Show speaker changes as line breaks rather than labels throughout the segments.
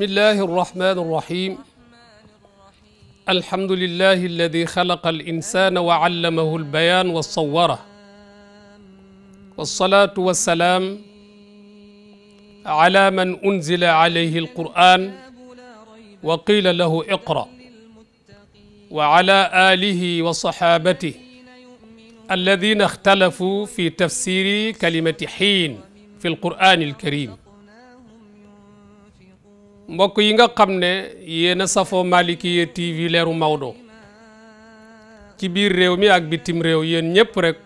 بسم الله الرحمن الرحيم الحمد لله الذي خلق الإنسان وعلمه البيان وصوره والصلاة والسلام على من أنزل عليه القرآن وقيل له اقرأ وعلى آله وصحابته الذين اختلفوا في تفسير كلمة حين في القرآن الكريم mbokk yi nga xam ne yéen a safoo Malikiya TV leeru Maodo ci biir réew mi ak bitim réew yéen ñépp rek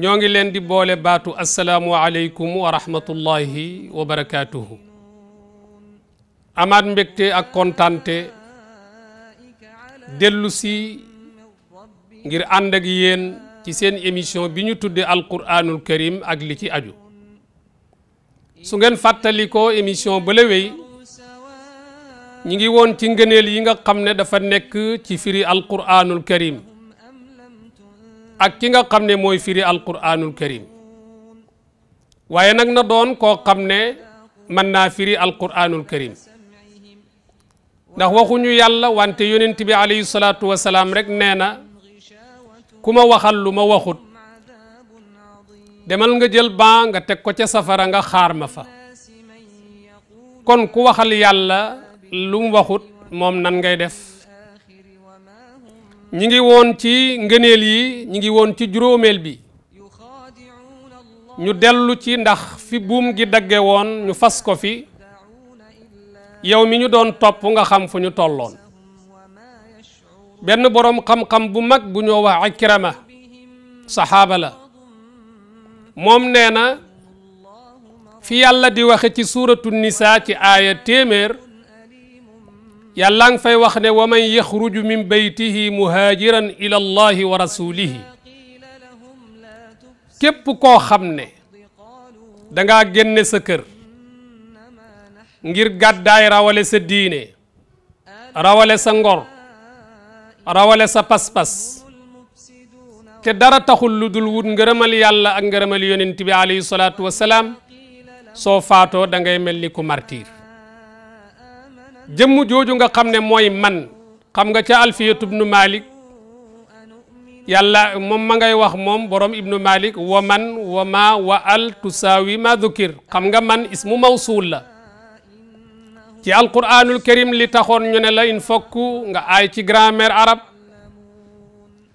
ñoo ngi leen di boole baatu asalaamu aleykum wa rahmatullahi wa barakaatuhu amaat mbégte ak kontante dellu si ngir ànd ak yéen ci seen émission bi ñu tudde alquraanul karim ak li ci aju su ngeen fàttalikoo émission bële wey ñi ngi woon ci ngëneel yi nga xam ne dafa nekk ci firi alquraanul karim ak ki nga xam ne mooy firi alquraanul karim waaye nag na doon koo xam ne mën naa firi alquraanul karim ndax waxuñu yàlla wante yonent bi alayhi salaatu wasalaam rek nee na ku ma waxal lu ma waxut demal nga jël baa nga teg ko ca safara nga xaar ma fa kon ku waxal yàlla lu mu waxut moom nan ngay def ñi ngi woon ci ngëneel yi ñi ngi woon ci juróomeel bi ñu dellu ci ndax fi buum gi dagge woon ñu fas ko fi yow mi ñu doon topp nga xam fu ñu tolloon benn boroom xam-xam bu mag bu ñoo wax Ikrama saxaaba la moom nee na fi yàlla di waxe ci suuratu nisaa ci aaya téeméer yàlla ngi fay wax ne wa man yaxruju min baytihi muhaajiran ila allahi wa rasulihi képp koo xam ne danga génne sa kër ngir gàddaay rawale sa diine rawale sa ngor rawale sa pas-pas te dara taxul lu dul wut ngërëmal yàlla ak ngërëmal yonent bi alayhi salaatu wasalaam soo faatoo da ngay mel ni ku jëmm jooju nga xam ne mooy man xam nga ca alfiyatu ibnu malik yàlla moom ma ngay wax moom borom ibnu malik wa man wa ma ma dukir xam nga man ismu mawsuul la ci alquranul karim li taxoon ñu la in fokk nga aay ci grammaire arab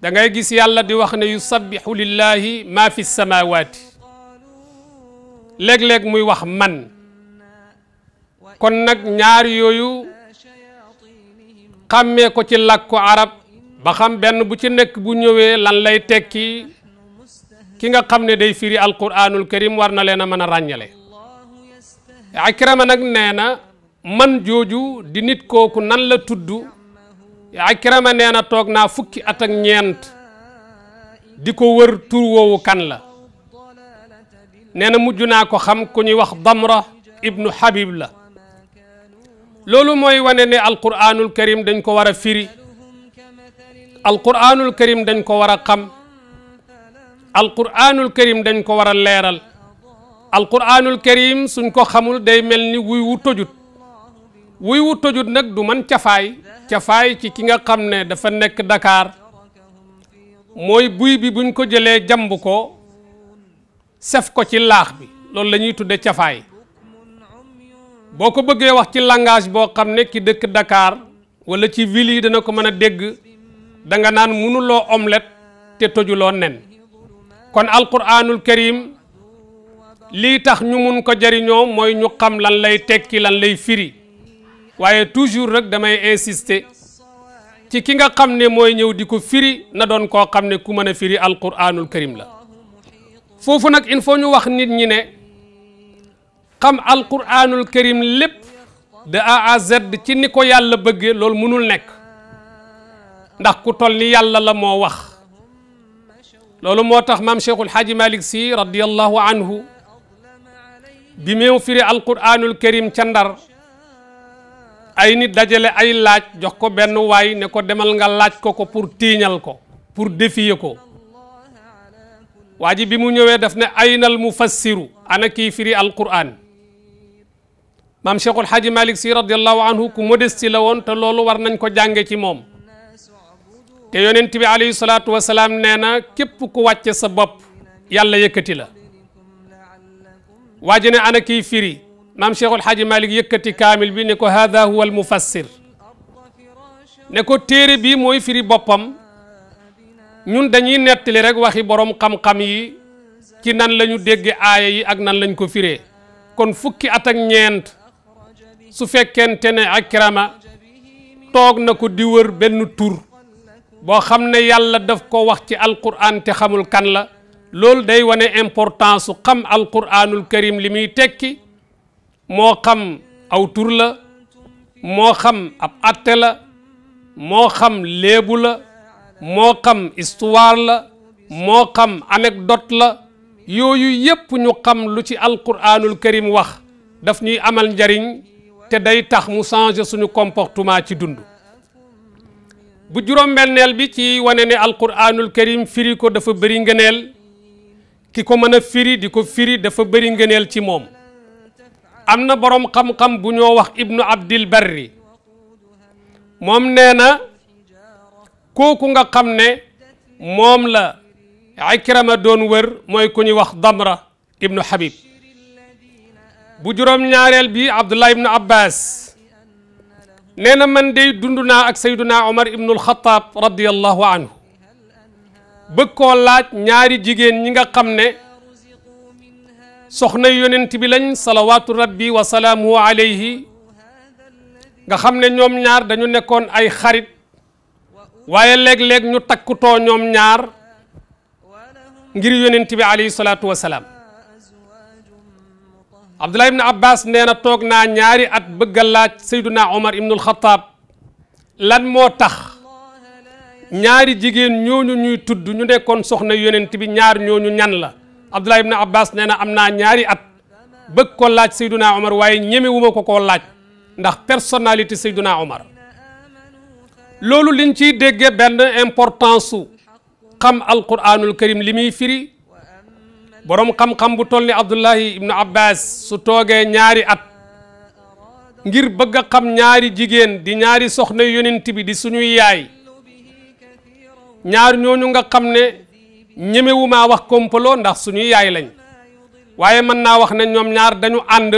da ngay gis yàlla di wax ne yusabbihu lillahi ma fi samawati léeg-léeg muy wax man kon nag ñaar yooyu xàmmee ko ci làkku arab ba xam benn bu ci nekk bu ñëwee lan lay tekki ki nga xam ne day firi alquraanul karim war na leen a mën a ràññale Ikrima nag nee man jooju di nit kooku nan la tudd Akrama nee na toog naa fukki at ak ñeent di ko wër tur woowu kan la nee na mujj naa ko xam ko ñuy wax damra ibnu Habib la loolu mooy wane ne alquraanul karim dañ ko war a firi alquraanul karim dañ ko war a xam alquraanul karim dañ ko war a leeral alquraanul karim suñ ko xamul day mel ni wuy wu tojut wuy wu tojut nag du man cafaay cafaay ci ki nga xam ne dafa nekk dakaar mooy buy bi buñ ko jëlee jamb ko sef ko ci laax bi loolu la ñuy cafaay boo ko bëggee wax ci langage boo xam ne ki dëkk dakaar wala ci ville yi dana ko mën a dégg da nga naan mënuloo omlet te tojuloo nen kon alquranul karim lii tax ñu mun ko jariñoo mooy ñu xam lan lay tekki lan lay firi waaye toujours rek damay insister ci ki nga xam ne mooy ñëw di ko firi na doon koo xam ne ku mën a firi alquranul karim la foofu nag il faut ñu wax nit ñi ne xam alquranul karim lépp de A à Z ci ni ko yàlla bëggee loolu mënul nekk ndax ku toll ni yàlla la moo wax loolu moo tax maam Cheikhul Xaaji Malik Si radiyallahu anhu bi mu firi alquranul karim ca ndar ay nit dajale ay laaj jox ko benn waay ne ko demal nga laaj ko ko pour tiiñal ko pour défier ko waa bi mu ñëwee daf ne aynal mufassiru ana kii firi alquran maam Cheikhul Hadji Malick Sy radiallahu anhu ku modeste la woon te loolu war nañ ko jànge ci moom te yonent bi alayhi salaatu wasalaam nee na képp ku wàcce sa bopp yàlla yëkkati la ne ana kii maam Cheikhul Xaaji Malik yëkkati kaamil bi ne ko hada huwa al mufassir ne ko téere bi mooy firi boppam ñun dañuy nettali rek waxi borom xam-xam yi ci nan la ñu dégge aaya yi ak nan lañ ko firee kon fukki at ak ñeent su fekkente ne ak Ikrama toog na ko di wër benn tur boo xam ne yàlla def ko wax ci alquran te xamul kan la loolu day wane importance su xam alquranul karim li muy tekki moo xam aw tur la moo xam ab atte la moo xam léebu la moo xam histoire la moo xam anecdote la yooyu yépp ñu xam lu ci alquraanul kërim wax daf ñuy amal njariñ te day tax mu changer suñu comportement ci dund bu juróom-benneel bi ci wane ne alquraanul karim firi ko dafa bëri ngëneel ki ko mën a firi di ko firi dafa bëri ngëneel ci moom am na boroom xam-xam bu ñoo wax ibnu abdil barri moom nee na kooku nga xam ne moom la ikrama doon wër mooy ku ñuy wax damra ibnu habib bu juróom-ñaareel bi abdullah ibnu abbas nee na man dey dund naa ak sayduna omar ibnu alxataab radiallahu anhu bëgg koo ñaari jigéen ñi nga xam ne soxna yonent bi lañ salawaatu rabbi wa salaamuhu alayhi nga xam ne ñoom ñaar dañu nekkoon ay xarit waaye léeg-léeg ñu takkutoo ñoom ñaar ngir yonent bi alayhi salaatu wa salaam Abdullah ibn Abbas nee na toog naa ñaari at bëgg a laaj Seyduna Omar ibnul Xataab lan moo tax ñaari jigéen ñooñu ñuy tudd ñu nekkoon soxna yonent bi ñaar ñooñu ñan la Abdullah ibn Abbas nee na am naa ñaari at bëgg ko laaj Seyduna Omar waaye ñemewuma ko ko laaj ndax personnalité Seyduna Omar loolu liñ ciy déggee benn important su xam alquranul karim li muy firi boroom xam-xam bu toll ni Abdullahi ibn Abbas su toogee ñaari at ngir bëgg a xam ñaari jigéen di ñaari soxna yonent bi di suñuy yaay ñaar ñooñu nga ne ñemewu maa wax kompaloo ndax suñuy yaay lañ waaye mën naa wax nañ ñoom ñaar dañu ànd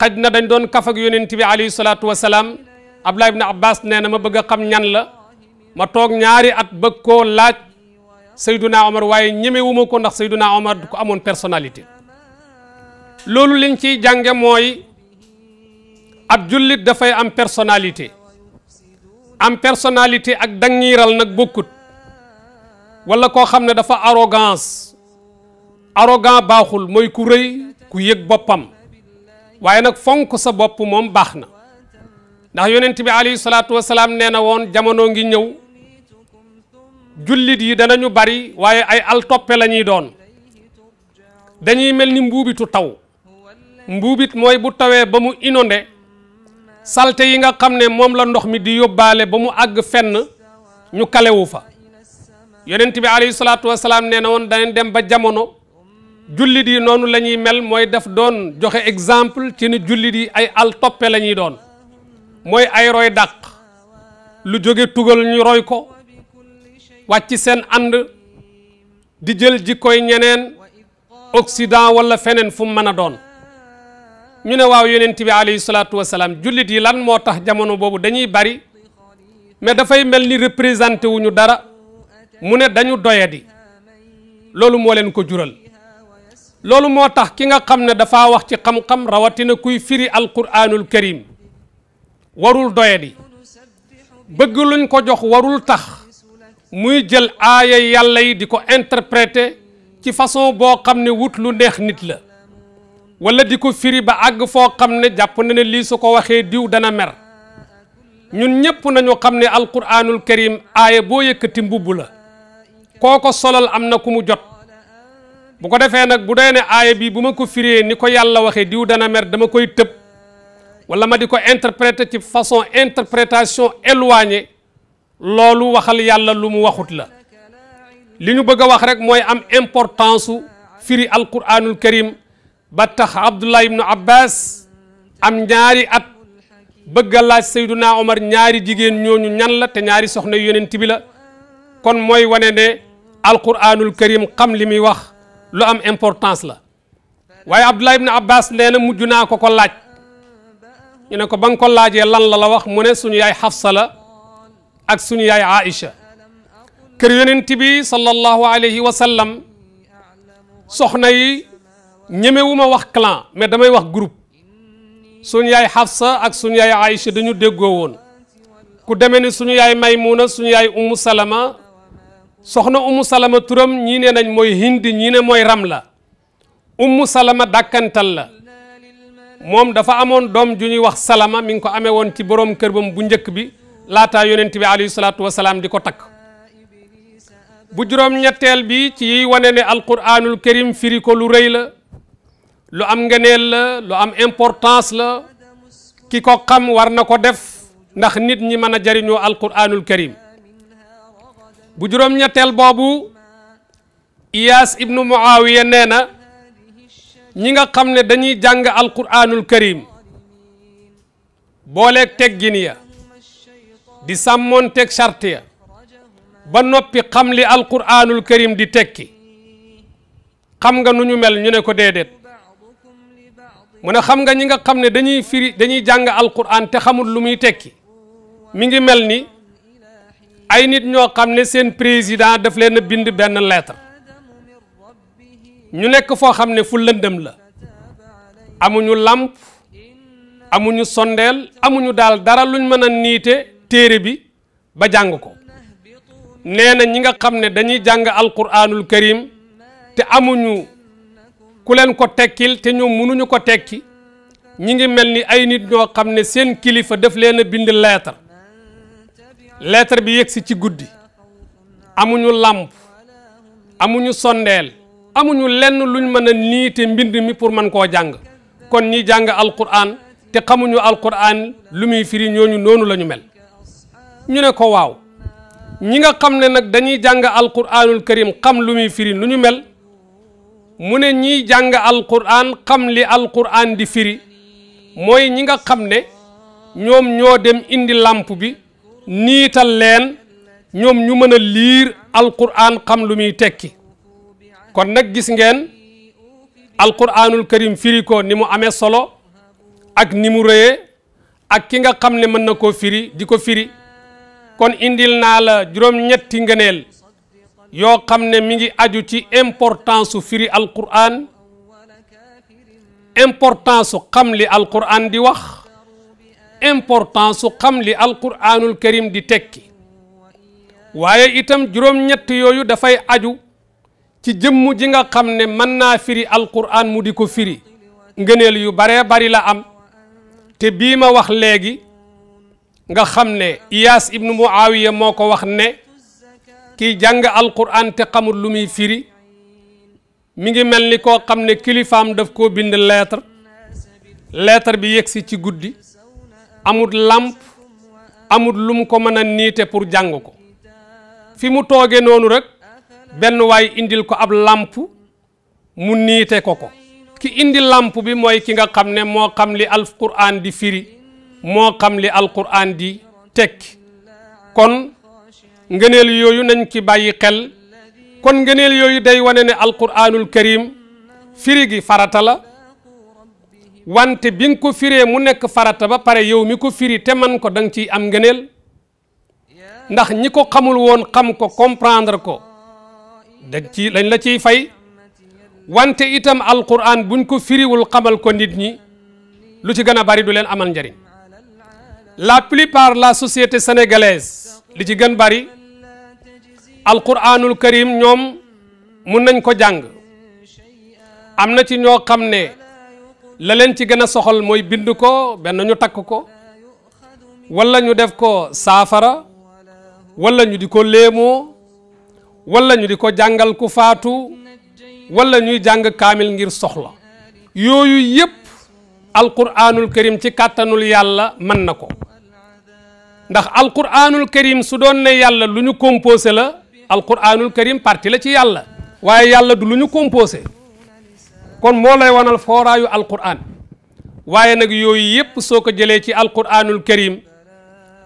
xaj na dañ doon kaf ak yonent bi alayhi salaatu wasalaam Abdullah ibn Abbas nee na ma bëgg a xam ñan la ma toog ñaari at bëgg koo laaj Seyduna Omar waaye ñemewuma ko ndax Seyduna Omar du ko amoon personnalité loolu liñ ciy jànge mooy ab jullit dafay am personnalité am personnalité ak dangiiral nag bokkut wala koo xam ne dafa arrogance arrogant baaxul mooy ku rëy ku yëg boppam waaye nag fonk sa bopp moom baax na ndax yonent bi alayhi salaatu wasalaam nee na woon jamono ngi ñëw jullit yi dana ñu bari waaye ay altoppe la ñuy doon dañuy mel ni mbuubitu taw mbuubit mooy bu tawee ba mu inondé salte yi nga xam ne moom la ndox mi di yóbbaale ba mu àgg fenn ñu kalewu fa yonent bi alayhi salaatu wasalaam nee na woon danañ dem ba jamono jullit yi noonu la ñuy mel mooy daf doon joxe exemple ci ni jullit yi ay al toppe la ñuy doon mooy ay roy dàq lu jóge tugal ñu roy ko wàcc seen ànd di jël jikkoy ñeneen Occident wala feneen fum mu mën a doon ñu ne waaw yonent bi alayhi salaatu wasalaam jullit yi lan moo tax jamono boobu dañuy bari mais dafay mel ni représenté wuñu dara mu ne dañu doyadi loolu moo leen ko jural loolu moo tax ki nga xam ne dafa wax ci xam-xam rawatina kuy firi alquraanul karim warul doyadi bëgg luñ ko jox warul tax muy jël aaya yàlla yi di ko interpréter ci façon boo xam ne wut lu neex nit la wala di ko firi ba àgg foo xam ne jàpp na ne lii su ko waxee diw dana mer ñun ñépp nañu xam ne alquraanul karim aaya boo yëkkati mbubb la koo ko solal am na ku mu jot bu ko defee nag bu dee ne aaya bii bu ma ko firee ni ko yàlla waxee diw dana mer dama koy tëb wala ma di ko interpréter ci façon interprétation éloignée loolu waxal yàlla lu mu waxut la li ñu bëgg a wax rek mooy am importance su firi alquranul karim ba tax abdullah ibnu abbas am ñaari at bëgg a laaj sayduna omar ñaari jigéen ñooñu ñan la te ñaari soxna yonent bi la kon mooy wane ne alquranul karim xam li muy wax lu am importance la waaye Abdullah ibn Abbas nee na mujj naa ko ko laaj ñu ne ko ba nga ko laajee lan la la wax mu ne suñu yaay Xafsa la ak suñu yaay Aïcha kër yonent bi sallallahu alayhi wa sallam soxna yi ñemewuma wax clan mais damay wax groupe suñu yaay Xafsa ak suñu yaay Aïcha dañu déggoo woon ku demee ni suñu yaay Maymuna suñu yaay Ummu Salama soxna ummu salama turam ñii ne nañ mooy hindi ñii ne mooy ramla ummu salama dàkkantal la moom dafa amoon doom ju ñuy wax salama mi ko amee woon ci borom kër bam bu njëkk bi laataa yonent bi alayhi salaatu salaam di ko takk bu juróom-ñetteel bi ci yiy wane ne alquranul karim firi ko lu rëy la lu am ngeneel la lu am importance la ki ko xam war na ko def ndax nit ñi mën a jariñoo alquranul karim bu juróom-ñetteel boobu iyaas ibnu muawiya nee na ñi nga xam ne dañuy jàng alquraanul karim booleeg teggin ya di sàmmoon teg charte ya ba noppi xam li alquraanul karim di tekki xam nga nu ñu mel ñu ne ko déedéet mu ne xam nga ñi nga xam ne dañuy firi dañuy jàng alquraan te xamul lu muy tekki mi ngi mel ni ay nit ñoo xam ne seen président daf leen bind benn lettre ñu nekk foo xam ne fu lëndëm la amuñu làmp amuñu sondeel amuñu daal dara luñ mën a niite téere bi ba jàng ko nee na ñi nga xam ne dañuy jàng alquraanul karim te amuñu ku leen ko tekkil te ñoom mënuñu ko tekki ñi ngi mel ni ay nit ñoo xam ne seen kilifa daf leen a bind lettre lettre bi yegsi ci guddi amuñu làmp amuñu sondeel amuñu lenn luñ mën a niite mbind mi pour mën koo jàng kon ñi jàng alquran te xamuñu alquran lu muy firi ñooñu noonu lañu mel ñu ne ko waaw ñi nga xam ne nag dañuy jàng alquranul karim xam lu muy firi nu ñu mel mu ne ñiy jàng alquran xam li alquran di firi mooy ñi nga xam ne ñoom ñoo dem indi làmp bi niital leen ñoom ñu mën a liir alquran xam lu muy tekki kon nag gis ngeen alquranul karim firi ko ni mu amee solo ak ni mu rëyee ak ki nga xam ne mën na ko firi di ko firi kon indil naa la juróom-ñetti ngëneel yoo xam ne mi ngi aju ci importance su firi alquran importance su xam li alquran di wax important su xam li alquraanul karim di tekki waaye itam juróom-ñett yooyu dafay aju ci jëmm ji nga xam ne mën naa firi alquraan mu di ko firi ngëneel yu baree bari la am te bii ma wax léegi nga xam ne Iyaas ibnu Muawiya moo ko wax ne kii jàng alquraan te xamul lu muy firi mi ngi mel ni koo xam ne kilifaam daf koo bind lettre lettre bi yegsi ci guddi amut làmp amut lum ko mën a niite pour jàng ko fi mu tooge noonu rek benn waay indil ko ab làmp mu niite ko ko ki indi làmp bi mooy ki nga xam ne moo xam li alquran di firi moo xam li alquran di tekki kon ngëneel yooyu nañ ci bàyyi xel kon ngëneel yooyu day wane ne alquranul karim firi gi farata la wante bi nga ko firee mu nekk farata ba pare yow mi ko firi te man ko da nga ciy am ngëneel ndax ñi ko xamul woon xam ko comprendre ko da ci lañ la ciy fay wante itam alquran buñ ko firiwul xamal ko nit ñi lu ci gën a bari du leen amal njariñ la plupart la société sénégalaise li ci gën bari alquranul karim ñoom mun nañ ko jàng am na ci ñoo xam ne la leen ci gën a soxal mooy bind ko benn ñu takk ko wala ñu def ko saafara wala ñu di ko léemoo wala ñu di ko jàngal ku faatu wala ñuy jàng kaamil ngir soxla yooyu yépp alquraanul karim ci kàttanul yàlla mën na ko ndax alquraanul karim su doon ne yàlla lu ñu composé la alquraanul karim parti la ci yàlla waaye yàlla du lu ñu composé kon moo lay wanal fooraayu alquran waaye nag yooyu yépp soo ko jëlee ci alquranul karim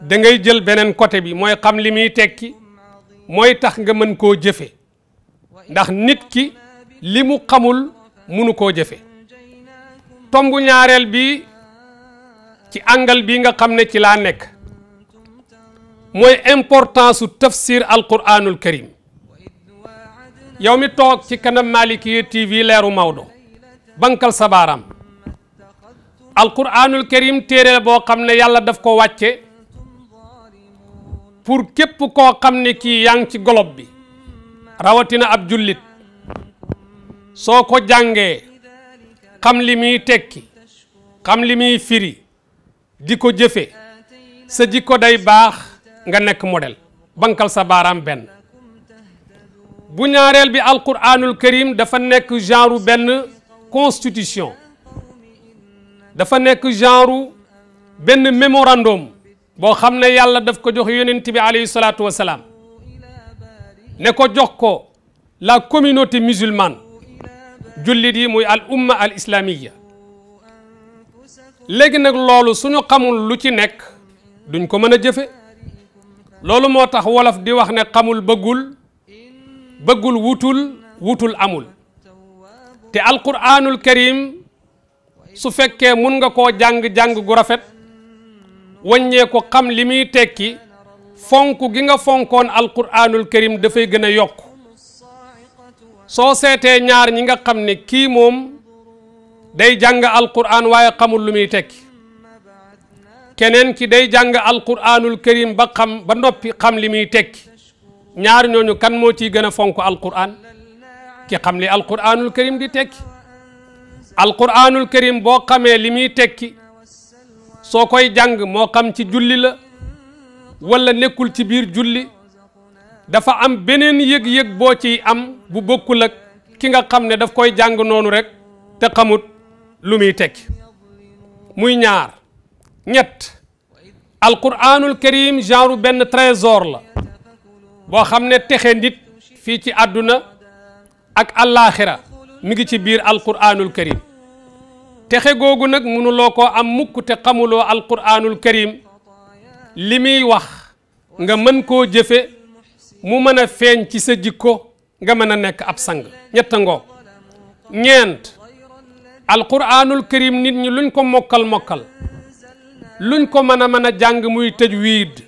da ngay jël beneen côté bi mooy xam li muy tekki mooy tax nga mën koo jëfe ndax nit ki li mu xamul munu koo jëfe tombu ñaareel bi ci angal bi nga xam ne ci laa nekk mooy importance su tafsir alquranul karim yow mi toog ci kanam Malikia TV leeru Maodo bankal sa baaraam alquranul karim téere boo xam ne yàlla daf ko wàcce pour képp koo xam ne kii yaa ngi ci golob bi rawatina ab jullit soo ko jàngee xam li muy tekki xam li muy firi di ko jëfe sa jikko day baax nga nekk model bankal sa baaraam benn bu ñaareel bi alquranul karim dafa nekk genre benn constitution dafa nekk genre benn mémorandum boo xam ne yàlla def ko jox yonent bi alayhi salaatu wasalaam ne ko jox ko la communauté musulmane jullit yi muy al umma al léegi nag loolu suñu xamul lu ci nekk duñ ko mën a jëfe loolu moo tax wolof di wax ne xamul bëggul bëggul wutul wutul amul te alquranul karim su fekkee mun nga koo jàng-jàng gu rafet wàññee ko xam li muy tekki fonk gi nga fonkoon alquranul karim dafay gën a yokku soo seetee ñaar ñi nga xam ne kii moom day jàng alquran waaye xamul lu muy tekki keneen ki day jàng alquranul karim ba xam ba noppi xam li muy tekki ñaar ñooñu kan moo ciy gën a fonk alquran ci xam li alquraanul karim di tekki alquraanul karim boo xamee li muy tekki soo koy jàng moo xam ci julli la walla nekkul ci biir julli dafa am beneen yëg-yëg boo ci am bu bokkul ak ki nga xam ne daf koy jàng noonu rek te xamut lu muy tekki muy ñaar ñett alquraanul karim genre benn trésor la boo xam ne texe nit fii ci àdduna ak allaaxira mi ngi ci biir alquraanul karim texe googu nag mënuloo koo am mukk te xamuloo alquraanul karim li muy wax nga mën koo jëfe mu mën a feeñ ci sa jikko nga mën a nekk ab sang ñett ngoo ñeent alquraanul karim nit ñi luñ ko mokkal mokkal luñ ko mën a mën a jàng muy tëj wiid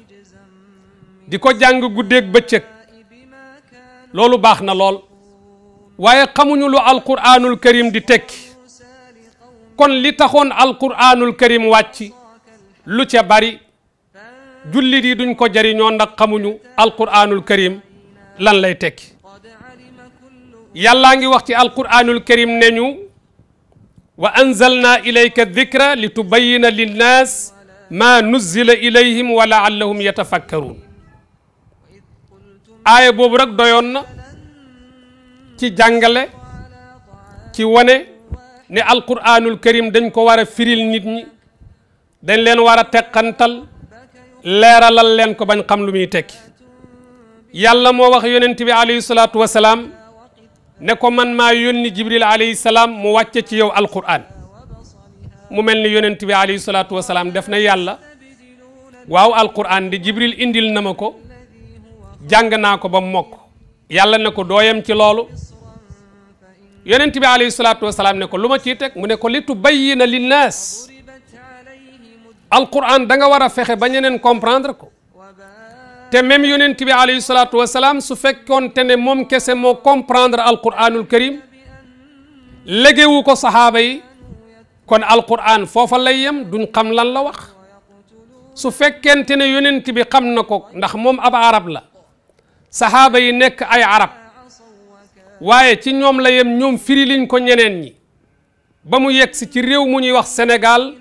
di ko jàng guddeeg bëccëg loolu baax na lool waaye xamuñu lu alquraanul karim di tekki kon li taxoon alquraanul karim wàcc lu ca bari jullit yi duñ ko jariñoon ndax xamuñu alquraanul karim lan lay tekki yàllaa ngi wax ci alquraanul karim ne ñu wa anzalna ilayka dikra li tubayina linnaas ma nuzzila ilayhim wa laallahum yatafakkaruun aaya boobu rek doyoon na ci jàngale ci wane ne alquranul karim dañ ko war a firil nit ñi dañ leen war a teqantal leeralal leen ko bañ xam lu muy tekki yàlla moo wax yonent bi alayhi salaatu wasalaam ne ko man maa yónni jibril alayhi salaam mu wàcce ci yow alquran mu mel ni yonent bi alayhi salaatu wasalaam def na yàlla waaw alquran di jibril indil na ma ko jàng naa ko ba mokk yàlla ne ko dooyam ci loolu yonent bi alayhi salaatu wasalaam ne ko lu ma ciy teg mu ne ko li tubayyina linnaas alquran da nga war a fexe ba ñeneen comprendre ko te même yonent bi alayhi salaatu wasalaam su fekkoonte ne moom kese moo comprendre alquranul karim légewu ko saxaaba yi kon alquran foofa lay yem duñ xam lan la wax su fekkente ne yonent bi xam na ko ndax moom ab arab la saxaaba yi nekk ay arab waaye ci ñoom la yem ñoom firi liñ ko ñeneen ñi ba mu yegg si ci réew mu ñuy wax Sénégal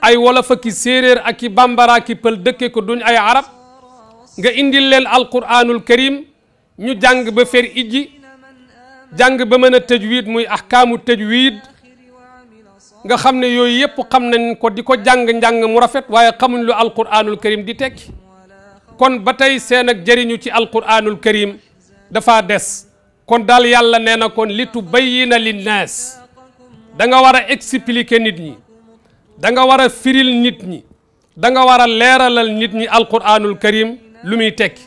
ay wolof ak séeréer ak i bambara ak pël dëkke ko duñ ay arab nga indil leen alquranul karim ñu jàng ba fer ijji jàng ba mën a tajwiid muy ahkaamu tajwiid nga xam ne yooyu yëpp xam nañ ko di ko jàng njàng mu rafet waaye xamuñ lu alquranul kërim di tekki kon ba tey seen ak jëriñu ci alquranul karim dafa des kon daal yàlla nee na kon li tubayyina linnaas da nga war a expliquer nit ñi danga nga war a firil nit ñi danga nga war a leeralal nit ñi alquranul karim lu muy tekki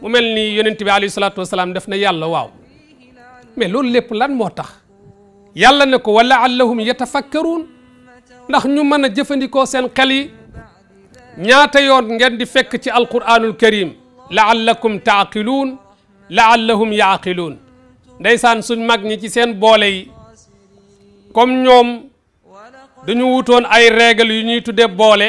mu mel ni yonent bi alayhi salaatu wasalaam def na yàlla waaw mais loolu lépp lan moo tax yàlla ne ko wala allahum yatafakkaruun ndax ñu mën a jëfandikoo seen xel ñaata yoon ngeen di fekk ci alquranul karim laallakum taaqiluun laallahum yaaqiluun ndeysaan suñ mag ñi ci seen boole yi comme ñoom dañu wutoon ay règle yu ñuy tudde boole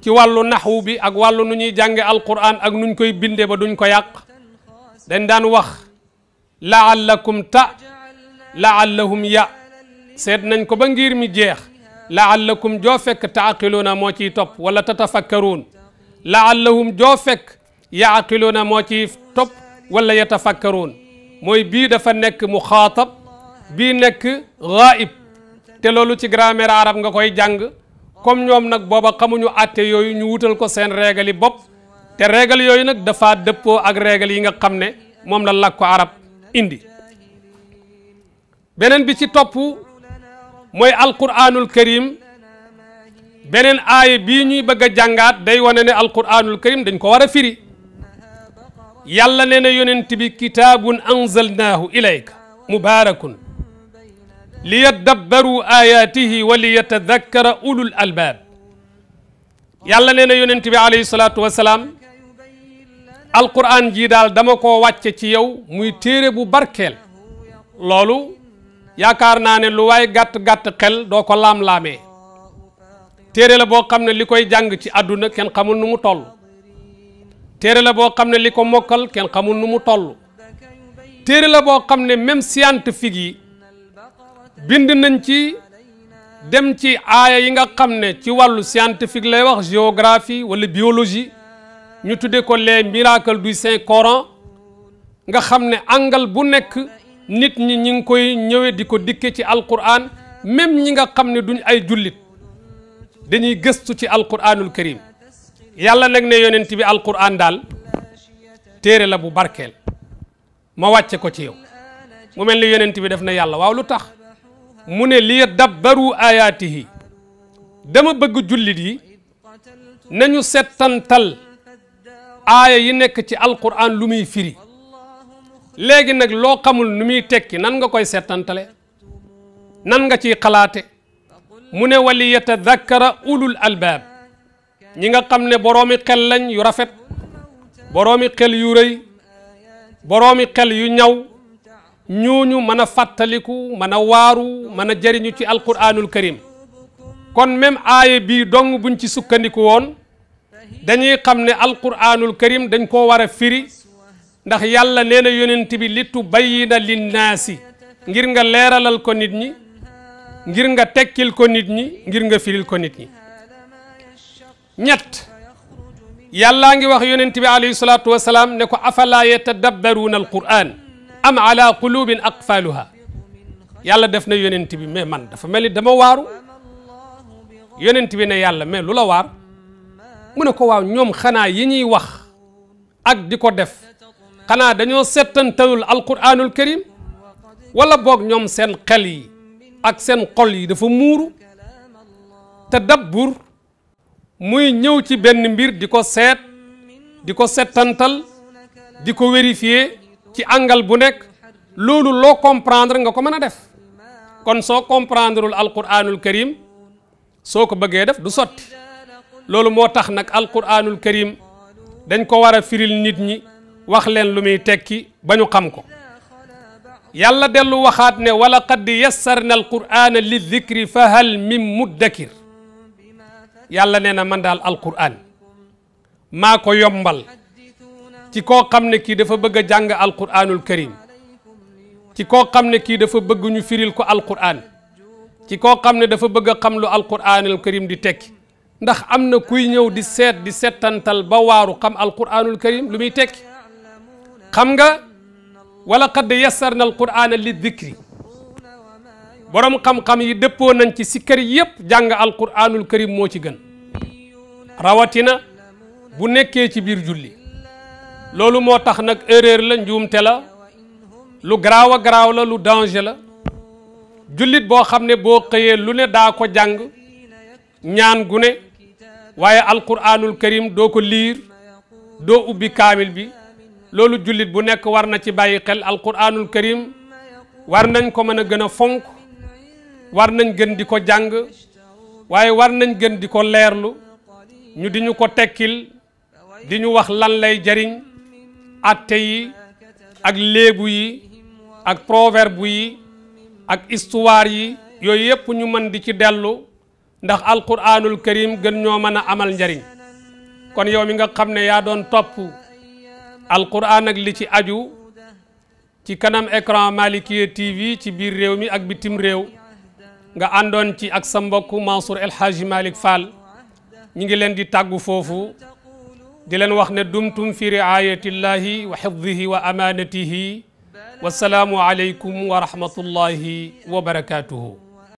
ci wàllu naxwu bi ak wàllu nu ñuy jàng alquran ak nuñ koy bindee ba duñ ko yàq dañ daan wax laallakum ta laallahum ya seet nañ ko ba ngir mi jeex laallakum joo fekk taaqiluuna moo ciy topp wala tatafakkaruun laallahum joo fekk yaaqiluuna moo ciy topp wala yatafakkaruun mooy bii dafa nekk muxaatab bii nekk ghaib te loolu ci grammaire arab nga koy jàng comme ñoom nag booba xamuñu àtte yooyu ñu wutal ko seen réegal bopp te réegal yooyu nag dafa dëppoo ak réegal yi nga xam ne moom la làkku arab indi beneen bi ci topp mooy alquranul karim beneen aaya bii ñuy bëgg a jàngaat day wane ne alquranul karim dañ ko war a firi yàlla nee na yonent bi kitaabun anzalnaahu ilayka mubaarakun li yaddabbaru ayaatihi wa li yatadakkara ulul albaab yàlla nee na yonent bi alayhi salaatu wa salaam alquran jii daal dama ko wàcce ci yow muy téere bu barkeel loolu yaakaar naa ne lu waay gàtt-gàtt xel doo ko laam-laamee téere la boo xam ne li koy jàng ci àdduna kenn xamul nu mu toll téere la boo xam ne li ko mokkal kenn xamul nu mu toll téere la boo xam ne même scientifique yi bind nañ ci dem ci aaya yi nga xam ne ci wàllu scientifique lay wax géographie wala biologie ñu tudde ko les miracles du Saint Coran nga xam ne angal bu nekk nit ñi ñi ngi koy ñëwee di ko dikke ci alquran même ñi nga xam ne duñ ay jullit dañuy gëstu ci alquranul karim yàlla nag ne yonent bi alquran daal téere la bu barkeel ma wàcce ko ci yow mu mel ni yonent bi def na yàlla waaw lu tax mu ne li dabbaru ayaatihi dama bëgg jullit yi nañu settantal aaya yi nekk ci alquran lu muy firi léegi nag loo xamul nu muy tekki nan nga koy settantale nan nga ciy xalaate mu ne wali yatadakkara ulul albaab ñi nga xam ne boroomi xel lañ yu rafet boroomi xel yu rëy boromi xel yu ñaw ñooñu mën a fàttaliku mën a waaru mën a jëriñu ci alquraanul kërim kon même aaya bii dong buñ ci sukkandiku woon dañuy xam ne alquraanul kërim dañ koo war a firi ndax yàlla nee na yonent bi li tubayyina linnaasi ngir nga leeralal ko nit ñi ngir nga tekkil ko nit ñi ngir nga firil ko nit ñi ñett yàllaa ngi wax yonent bi alayhi salaatu wa salaam ne ko afalaa yatadabbaruuna alquran am ala qulubin aqfaluha yàlla def na yonent bi mais man dafa mel ni dama waaru yonent bi ne yàlla mais lula la waar mu ne ko waaw ñoom xanaa yi ñuy wax ak di ko def xanaa dañoo settantalul alquranul karim wala boog ñoom seen xel yi ak seen xol yi dafa muuru tadabbur muy ñëw ci benn mbir di ko seet di ko settantal di ko vérifier ci angle bu nekk loolu loo comprendre nga ko mën a def kon soo comprendreul alquranul karim soo ko bëggee def du sotti loolu moo tax nag alquranul karim dañ ko war a firil nit ñi wax leen lu muy tekki ba ñu xam ko yàlla dellu waxaat ne wala qad yassarna alqurana li dikri fa hal min muddakir yàlla nee na man daal alquran maa ko yombal ci koo xam ne kii dafa bëgg a jàng alquranul karim ci koo xam ne kii dafa bëgg ñu firil ko alquran ci koo xam ne dafa bëgg xam lu alquranul karim di tekki ndax am na kuy ñëw di seet di seetantal ba waaru xam alquranul karim lu muy tekki xam nga wala qad yassarna alqurana li dikri borom xam-xam yi dëppoo nañ ci sikkar yëpp jàng alquraanul karim moo ci gën rawatina bu nekkee ci biir julli loolu moo tax nag erreur la njuumte la lu garaaw a garaaw la lu danger la jullit boo xam ne boo xëyee lu ne daa ko jàng ñaan gune ne waaye alquraanul karim doo ko liir doo ubbi kaamil bi loolu jullit bu nekk war na ci bàyyi xel alquraanul karim war nañ ko mën a gën a fonk war nañ gën di ko jàng waaye war nañ gën di ko leerlu ñu di ñu ko tekkil di ñu wax lan lay jariñ atte yi ak léebu yi ak proverbe yi ak histoire yi yooyu yëpp ñu mën di ci dellu ndax alquranul karim gën ñoo mën a amal njariñ kon yow mi nga xam ne yaa doon topp alquran ak li ci aju ci kanam écran Malikia TV ci biir réew mi ak bitim réew nga àndoon ci ak sa mbokk Mansour El Hadji Malick Fall ñi ngi leen di tàggu foofu di leen wax ne dumtum fi riayatillahi wa xifdihi wa amaanatihi wasalaamu aleykum wa rahmatullahi wa barakaatuhu